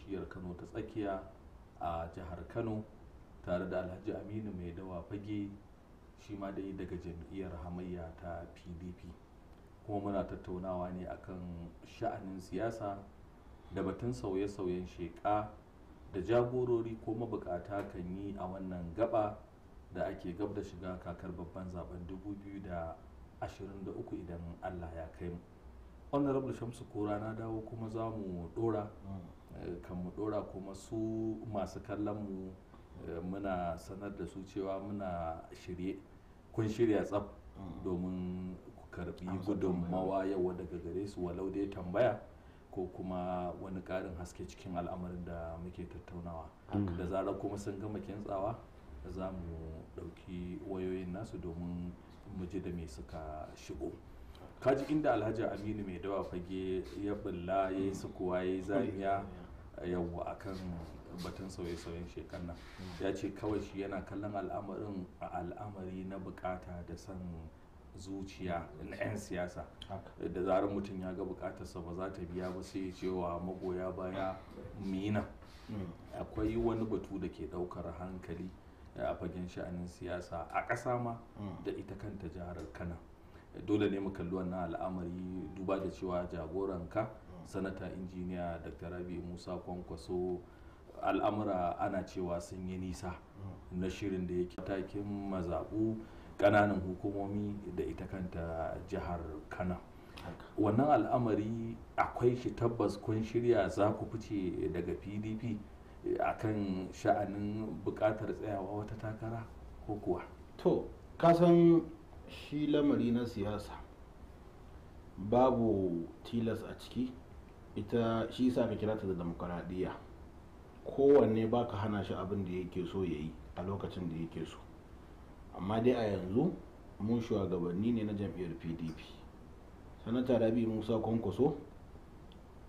jamhuriyar kano ta tsakiya a jihar kano tare da alhaji aminu mai dawa fage shi ma dai daga jam'iyyar hamayya ta pdp kuma muna tattaunawa ne akan sha'anin siyasa da batun sauye-sauyen sheƙa da jagorori ko mabukata kan yi a wannan gaba da ake gab da shiga kakar babban zaben 2023 idan allah ya kai mu honorable shamsu kura na dawo kuma za mu dora eh, kan mu dora kuma su masu kallon mu eh, muna sanar da su cewa muna shirye kun shirya tsaf domin ku karbi gudunmawa yawa daga gare su walau dai tambaya ko kuma wani karin haske cikin al'amarin da muke tattaunawa da zarar kuma sun gama kintsawa za mu ɗauki wayoyin nasu domin mu ji da me suka shigo kaji inda alhaji aminu mai dawa fage ya bulla ya yi sukuwa ya yi zamiya yawwa akan batun sauye-sauyen shekarna nan ya ce kawai shi yana kallon al'amarin a al'amari na bukata da san zuciya na 'yan siyasa da zarar mutum ya ga bukatarsa ba za ta biya ba sai ya cewa magoya baya mina akwai wani batu da ke daukar hankali a fagen sha'anin siyasa a ƙasa ma da ita kanta jihar kano dole ne mu kalli wannan al'amari duba da cewa jagoranka sanata injiniya dr rabi musa kwankwaso al'amura ana cewa sun yi nisa na shirin da yake takin mazaɓu ƙananan hukumomi da ita kanta jihar kano wannan al'amari akwai shi tabbas kun shirya za ku fice daga pdp akan sha'anin buƙatar tsayawa wata takara ko kuwa to kasan shi lamari na siyasa babu tilas a ciki ita shi sa ka kira ta da demokaradiyya kowanne baka hana shi abin da yake so ya yi a lokacin da yake so amma dai a yanzu mun shugabanni ne na jam'iyyar pdp sanata rabi musa kwankwaso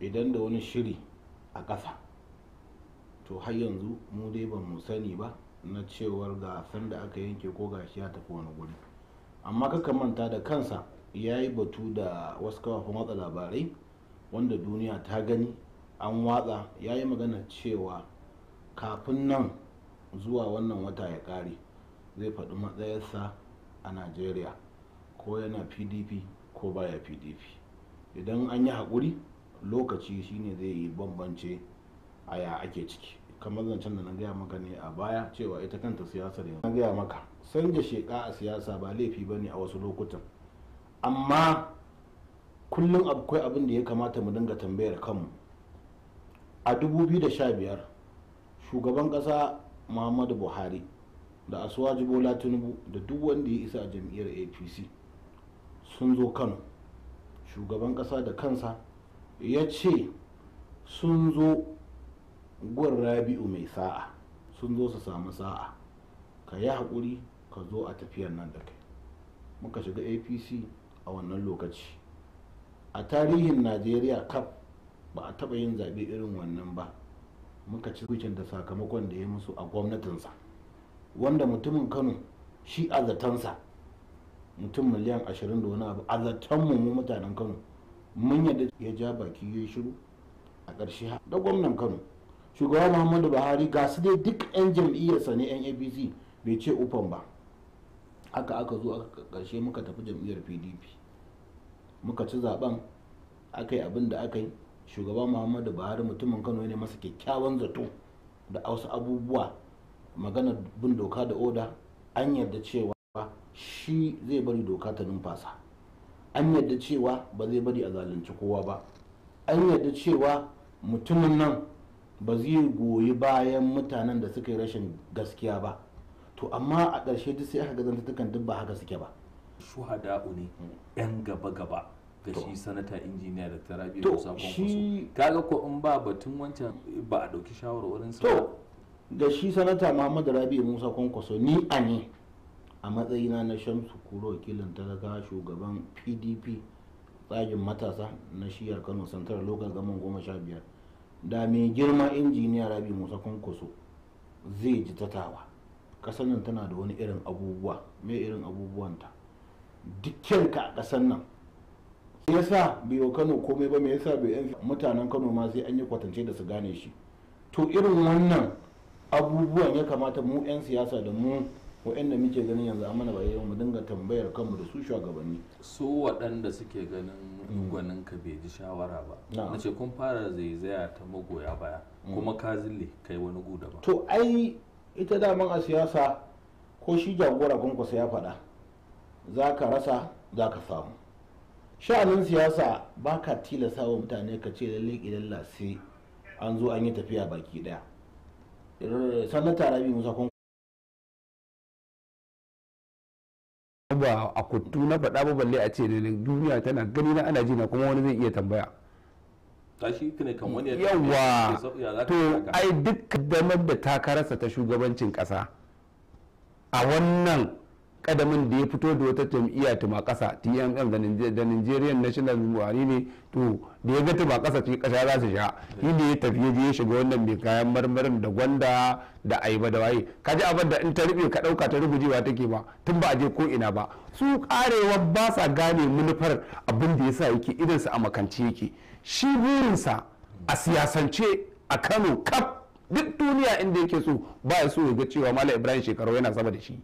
idan da wani shiri a ƙasa to har yanzu mu dai ba mu sani ba na cewar gasar da aka yanke ko ga shi ya tafi wani guri amma kakan manta da kansa ya yi batu da wasu kafafen watsa labarai wanda duniya ta gani an watsa ya yi magana cewa kafin nan zuwa wannan wata ya kare zai faɗi matsayarsa a nigeria ko yana pdp ko baya pdp idan an yi haƙuri lokaci shine zai yi bambance a ya ake ciki kamar zancen da na gaya maka ne a baya cewa ita kanta siyasar yanzu na gaya maka da sheka a siyasa ba laifi ba ne a wasu lokutan amma kullum akwai abin da ya kamata mu dinga tambayar kanmu a 2015 shugaban kasa muhammadu buhari da asuwaji bola tinubu da duk wanda ya isa a jam'iyyar apc sun zo kano shugaban kasa da kansa ya ce sun zo gwar rabi'u mai sa'a sun zo su samu sa'a ka yi haƙuri ka zo a tafiyar nan da kai muka shiga apc a wannan lokaci a tarihin najeriya kaf ba a taba yin zaɓe irin wannan ba muka ci wikin da sakamakon da ya musu a gwamnatinsa wanda mutumin kano shi azatansa mutum miliyan ashirin da wani abu a mu mutanen kano mun yadda ya ja baki ya shiru a ƙarshe da gwamnan kano shugaba muhammadu buhari ga su dai duk 'yan jam'iyyarsa ne 'yan apc bai ce ufan ba haka aka zo aka karshe muka tafi jam'iyyar pdp muka ci zaben aka yi abin da aka yi shugaba muhammadu buhari mutumin kano ne masa kyakkyawan zato da wasu abubuwa magana bin doka da oda an yarda cewa shi zai bari doka ta numfasa an yarda cewa ba zai bari a zalunci kowa ba an yarda cewa mutumin nan ba zai goyi bayan mutanen da suka yi rashin gaskiya ba to amma a ƙarshe duk sai aka ga dukkan duk ba haka suke ba shuhada'u ne yan mm. gaba gaba ga shi sanata injiniya da tarabi ko shi kaga ko in ba batun wancan ba a ɗauki shawarwarin sa to da shi sanata muhammadu rabi musa kwankwaso ni a ne a matsayina na shamsu kuro wakilin talaka shugaban pdp tsagin matasa na shiyar kano santar lokal gaman goma sha biyar da mai girma injiniya rabi musa kwankwaso zai ji tatawa ƙasar nan tana da wani irin abubuwa mai irin abubuwanta ka a kasan nan me yasa bai wa kano komai ba me yasa bai yan mutanen kano ma sai an yi kwatance da su gane shi to irin wannan abubuwan ya kamata mu 'yan siyasa da mu waɗanda muke ganin yanzu a mana bayan mu dinga tambayar kanmu da su shugabanni su waɗanda suke ganin gwanin ka bai ji shawara ba na ce kun fara zaizaya ta magoya baya mm. kuma ka zille kai wani guda ba to ai ita daman a siyasa ko shi jagora kwankwasa ya faɗa za ka rasa za ka samu sha'anin siyasa ba ka tilasa wa mutane ka ce lalle idan lasi an zo an yi tafiya baki daya sanata rabi musa kun ba a kuttu na faɗa ba balle a ce duniya tana gani na ana jina kuma wani zai iya tambaya tashi ne kan wani yawa to ai duk damar da karasa ta shugabancin kasa a wannan kadamin da ya fito da wata jam'iyya tuma kasa tmm da nigerian national buhari ne to da ya ga tuma kasa ce kasa za su sha shi ne ya tafi ya ya shiga wannan mai kayan marmarin da gwanda da aiba da waye kaji ji abin da in ta rufe ka dauka ta rugujewa take ba tun ba a je ko ina ba su karewa ba sa gane manufar abin da yasa yake su a makance yake shi burinsa a siyasance a kano kaf duk duniya inda yake so ba ya so ya ga cewa malam ibrahim shekaru yana sama da shi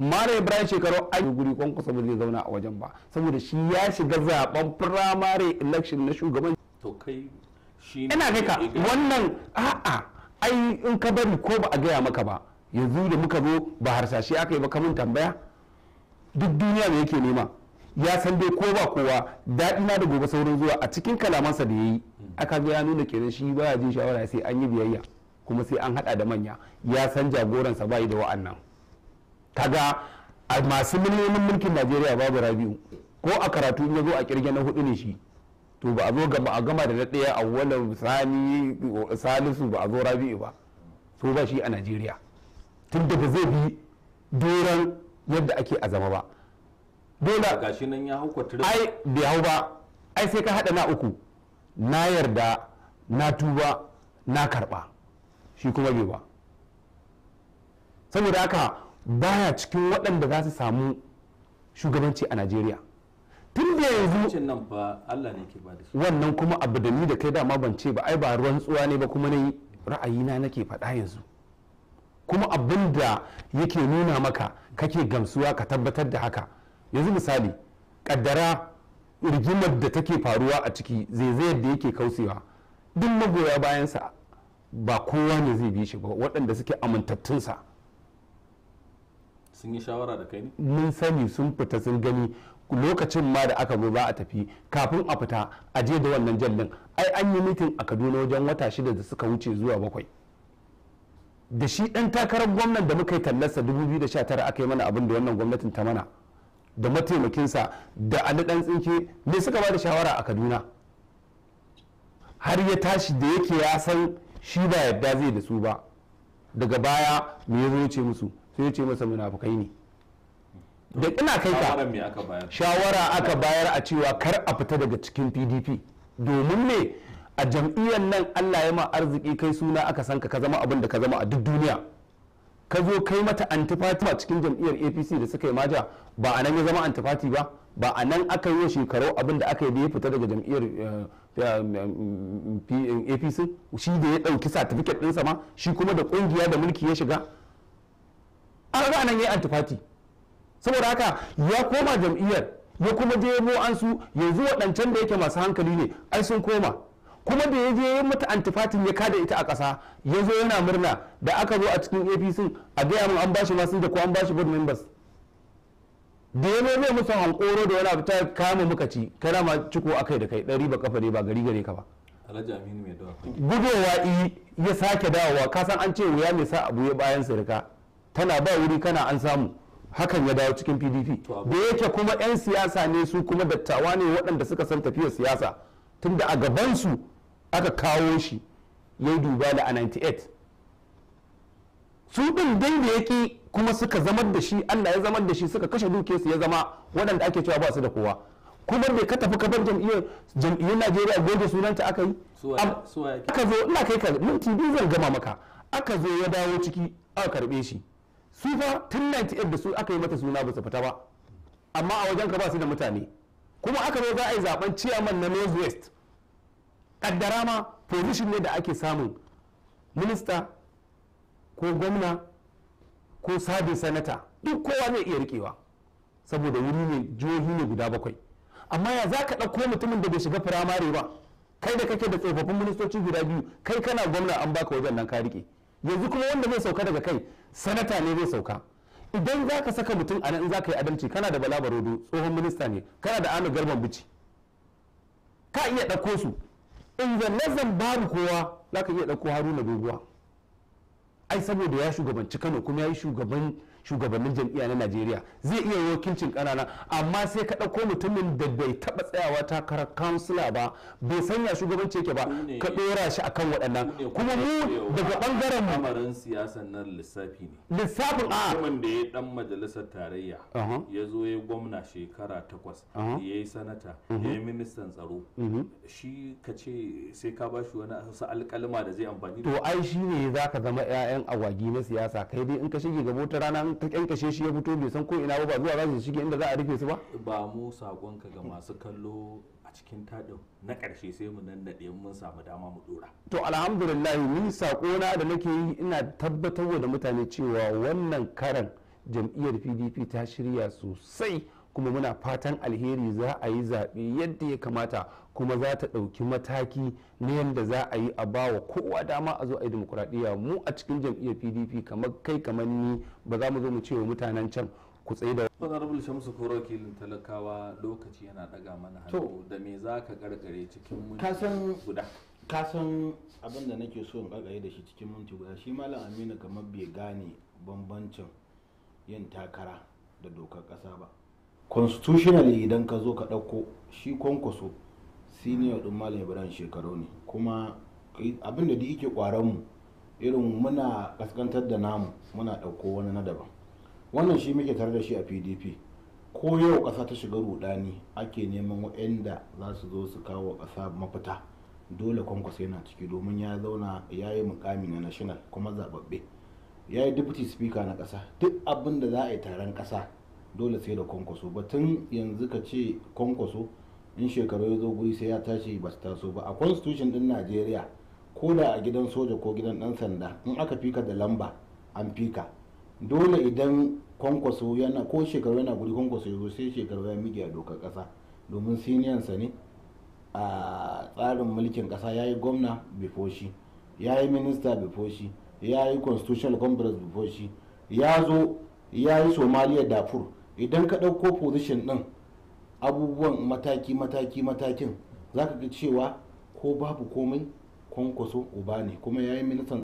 mara ibrahim shekaru yi guri kwankwasa ba zai zauna a wajen ba saboda shi ya shiga zaben primary election na shugaban to kai ina kai ka wannan a'a ai in ka bari ko ba a gaya maka ba yanzu da muka zo ba harsashe aka yi ba kamun tambaya duk duniya da yake nema ya san dai ko ba kowa daɗi na da gobe saurin zuwa a cikin kalamansa da ya yi aka ga ya nuna kenan shi baya jin shawara sai an yi biyayya kuma sai an haɗa da manya ya san jagoransa bayi da wa'annan kaga a masu miliyoyin mulkin najeriya babu rabiu ko a karatu ya zo a kirge na hudu ne shi to ba a zo gama a gama da ɗaya a wani sani salisu ba a zo rabi'u ba so ba shi a najeriya tun da zai bi doron yadda ake a zama ba dole shi nan ya hau ai bai hau ba ai sai ka hada na uku na yarda na tuba na karba shi kuma bai ba saboda haka baya cikin waɗanda za su samu shugabanci a najeriya tun da yanzu wannan kuma abu da ni da kai dama ban ce ba ai ba ruwan tsuwa ne ba kuma ne ra'ayina nake faɗa yanzu kuma abin da yake nuna maka kake gamsuwa ka tabbatar da haka yanzu misali kaddara rigimar da take faruwa a ciki zaizayar da yake kausewa duk magoya bayansa ba kowa ne zai bi shi ba waɗanda suke amintattunsa sun yi shawara da kai ne mun sani sun fita sun gani lokacin ma da aka zo za a tafi kafin a fita a je da wannan jallin ai an yi mitin a kaduna wajen wata shida da suka wuce zuwa bakwai da shi dan takarar gwamnan da muka yi tallarsa 2019 aka yi mana abin da wannan gwamnatin ta mana da mataimakinsa da ali dan tsinke ne suka ba da shawara a kaduna har ya tashi da yake ya san shi ba yadda zai da su ba daga baya me ya zo ce musu sai ya ce masa munafukai ne da ina kai ka shawara aka bayar a cewa kar a fita daga cikin pdp domin me a jam'iyyar nan allah ya ma arziki kai suna aka san ka ka zama abin da ka zama a duk duniya ka zo kai mata antifati a cikin jam'iyyar apc da suka yi maja ba a nan ya zama antifati ba ba a nan aka yi shekaru abin da aka yi da ya fita daga jam'iyyar eh, eh, mm, mm, eh, apc shi da ya ɗauki satifiket ɗinsa ma shi kuma da ƙungiya da mulki ya shiga an ga nan yayi antifati saboda haka ya koma jam'iyyar ya kuma je mu an su yanzu waɗancan da yake masu hankali ne ai sun koma kuma da ya je ya mata antifatin ya kada ita a ƙasa ya zo yana murna da aka zo a cikin apc a gaya min an bashi masu da ko an bashi board members da ya zai musu hankoro da wani ta kama muka ci kana ma ciko akai da kai ɗari ba kafa ne ba gari gare ka ba gudowa ya sake dawowa kasan an ce wuya mai sa abu ya bayan sirka tana ba wuri kana an samu hakan ya dawo cikin pdp da yake kuma 'yan siyasa ne su kuma dattawa ne waɗanda suka san tafiyar siyasa tunda a gabansu aka kawo shi ya duba da a 98 su ɗin dai da yake kuma suka zamar da shi allah ya zamar da shi suka kashe dukiyarsu ya zama waɗanda ake cewa ba su da kowa kuma bai ka tafi kafar jam'iyyar jam'iyyar najeriya goge sunanta aka yi aka zo ina kai ka minti biyu zan gama maka aka zo ya dawo ciki aka karɓe shi sufa tun 98 da su aka yi mata suna ba su fita ba amma a wajen ka ba su da mutane kuma aka zo za a yi zaben ciyaman na north west kaddara ma position ne da ake samun minista ko gwamna ko sabin sanata duk kowa zai iya rikewa saboda wuri ne jihohi ne guda bakwai amma ya za ka ɗauko mutumin da bai shiga firamare ba kai da kake da tsofaffin ministoci guda biyu kai kana gwamna an baka wajen nan ka rike yanzu kuma wanda zai sauka daga kai sanata ne zai sauka idan za ka saka mutum a nan za ka yi adalci kana da bala barodo tsohon minista ne kana da anu garban bici ka iya ɗauko su in zan babu kowa za ka iya ɗauko haruna doguwa ai saboda ya shugabanci kano kuma ya yi shugaban shugabannin jam'iyya na najeriya zai iya wakilcin kanana amma sai ka ɗauko mutumin da bai taɓa tsayawa takarar kansila ba bai sanya shugabanci yake ba ka ɗora shi akan waɗannan kuma mu daga ɓangaren mu amarin nan lissafi ne lissafin a ah! mutumin da ya dan majalisar tarayya uh-huh. ya zo ya gwamna shekara takwas uh-huh. ya yi sanata ya uh-huh. yi ministan tsaro shi ka ce sai ka bashi wani wasu alƙalma da zai amfani to ai shi ne za zama 'ya'yan awagi na siyasa kai dai in ka shige gabo ta rana ta ka kyankashe shi ya fito bai san ko ina ba zuwa za shige inda za a rufe su ba ba mu sakonka ga masu kallo a cikin tadin na karshe sai mu nan daɗe mun samu dama mu dora to alhamdulillah ni sakona da nake yi ina tabbatarwa da mutane cewa wannan karan jam'iyyar pdp ta shirya sosai kuma muna fatan alheri za a yi zaɓe yadda ya kamata kuma za ta ɗauki mataki na yadda za a yi a bawa kowa dama a zo a yi demokuraɗiyya mu a cikin jam'iyyar pdp kamar kai kamar ni ba za mu zo mu ce wa mutanen can ku tsaye da rubuce shamsu ko wakilin talakawa lokaci yana daga mana hannu da me za ka gargare cikin minti guda ka san abin da nake so in gargare da shi cikin minti guda shi malam aminu kamar bai gane bambancin yin takara da dokar ƙasa ba constitutionally idan ka zo ka ɗauko shi kwankwaso senior ɗin malam ibrahim shekaru ne kuma abin da yake kwaron mu irin muna ƙasƙantar da namu muna ɗauko wani na daban wannan shi muke tare da shi a pdp ko yau ƙasa ta shiga rudani ake neman waɗanda za su zo su kawo ƙasa mafita dole kwankwaso yana ciki domin ya zauna ya yi mukami na national kuma zababbe ya yi deputy speaker na ƙasa duk abin da za a yi taron ƙasa dole sai da kwankwaso batun yanzu ka ce kwankwaso in shekaru ya zo guri sai ya tashi ba su taso ba a constitution din najeriya ko da a gidan soja ko gidan dan sanda in aka fika da lamba an fika dole idan kwankwaso yana ko shekaru yana guri kwankwaso ya zo sai shekaru ya mige a dokar kasa domin sa ne a tsarin mulkin kasa ya yi gwamna before shi ya yi minista before shi ya yi constitutional congress before shi ya zo ya yi somaliya dafur idan ka ɗauko position ɗin abubuwan mataki mataki matakin za ka ga cewa ko babu komai kwankwaso uba ne kuma ya yi ministan